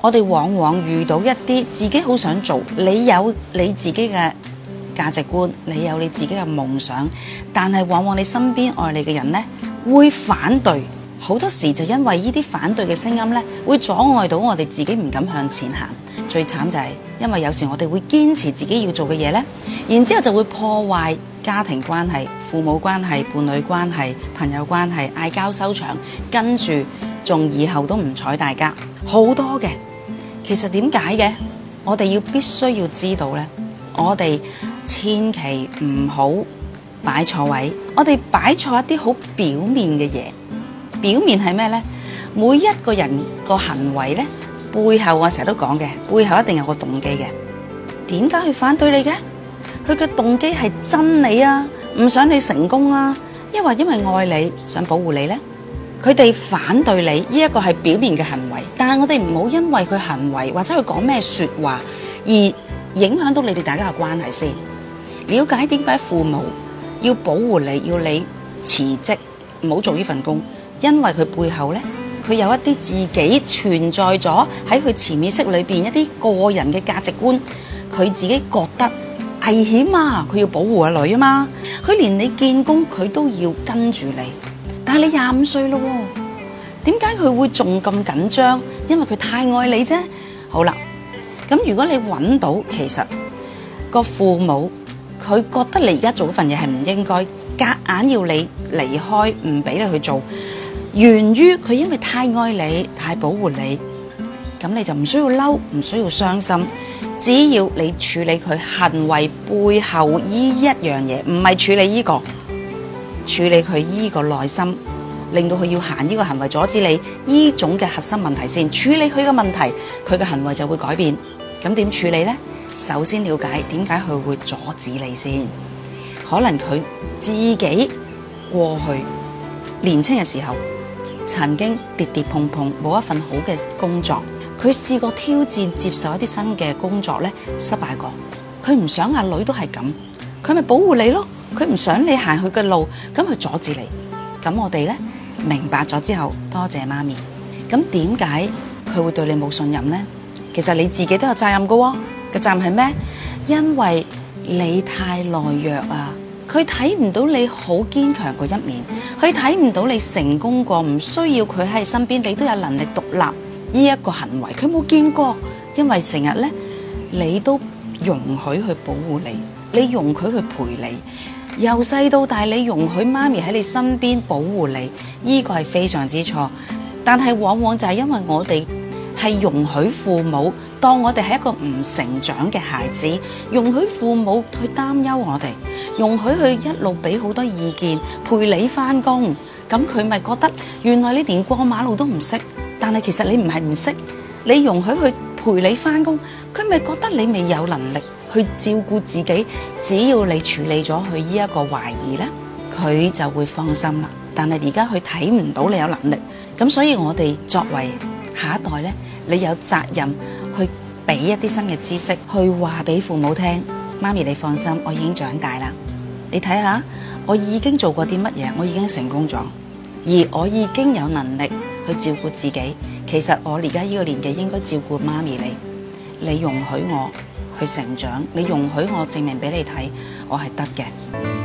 我哋往往遇到一啲自己好想做，你有你自己嘅價值觀，你有你自己嘅夢想，但係往往你身邊愛你嘅人咧會反對，好多時就因為呢啲反對嘅聲音咧會阻礙到我哋自己唔敢向前行。最慘就係因為有時我哋會堅持自己要做嘅嘢咧，然之後就會破壞家庭關係、父母關係、伴侶關係、朋友關係，嗌交收場，跟住仲以後都唔睬大家，好多嘅。其實點解嘅？我哋要必須要知道咧，我哋千祈唔好擺錯位，我哋擺錯一啲好表面嘅嘢。表面係咩咧？每一個人個行為咧，背後我成日都講嘅，背後一定有個動機嘅。點解佢反對你嘅？佢嘅動機係憎你啊，唔想你成功啊，亦或因為愛你想保護你咧？佢哋反對你，呢一個係表面嘅行為，但係我哋唔好因為佢行為或者佢講咩説話而影響到你哋大家嘅關係先。了解點解父母要保護你，要你辭職，唔好做呢份工，因為佢背後呢，佢有一啲自己存在咗喺佢潛意識裏邊一啲個人嘅價值觀，佢自己覺得危險啊，佢要保護個女啊嘛，佢連你見工佢都要跟住你。但係你廿五歲咯，點解佢會仲咁緊張？因為佢太愛你啫。好啦，咁如果你搵到，其實個父母佢覺得你而家做嗰份嘢係唔應該，夾硬要你離開，唔俾你去做，源於佢因為太愛你，太保護你。咁你就唔需要嬲，唔需要傷心，只要你處理佢行為背後呢一樣嘢，唔係處理呢個。處理佢依個內心，令到佢要行呢個行為阻止你，依種嘅核心問題先處理佢嘅問題，佢嘅行為就會改變。咁點處理呢？首先了解點解佢會阻止你先，可能佢自己過去年輕嘅時候，曾經跌跌碰碰，冇一份好嘅工作，佢試過挑戰接受一啲新嘅工作呢，失敗過。佢唔想阿女都係咁，佢咪保護你咯。佢唔想你行佢嘅路，咁佢阻止你。咁我哋呢，明白咗之後，多謝媽咪。咁點解佢會對你冇信任呢？其實你自己都有責任嘅喎、哦。嘅責任係咩？因為你太懦弱啊！佢睇唔到你好堅強嘅一面，佢睇唔到你成功過，唔需要佢喺身邊，你都有能力獨立。呢一個行為，佢冇見過，因為成日呢，你都容許佢保護你，你容許佢陪你。由細到大，你容許媽咪喺你身邊保護你，呢個係非常之錯。但係往往就係因為我哋係容許父母當我哋係一個唔成長嘅孩子，容許父母去擔憂我哋，容許佢一路俾好多意見陪你翻工，咁佢咪覺得原來你連過馬路都唔識。但係其實你唔係唔識，你容許佢陪你翻工，佢咪覺得你未有能力。去照顧自己，只要你處理咗佢呢一個懷疑呢，佢就會放心啦。但係而家佢睇唔到你有能力，咁所以我哋作為下一代呢，你有責任去俾一啲新嘅知識，去話俾父母聽。媽咪你放心，我已經長大啦。你睇下，我已經做過啲乜嘢，我已經成功咗，而我已經有能力去照顧自己。其實我而家呢個年紀應該照顧媽咪你，你容許我，佢成長，你容許我證明俾你睇，我係得嘅。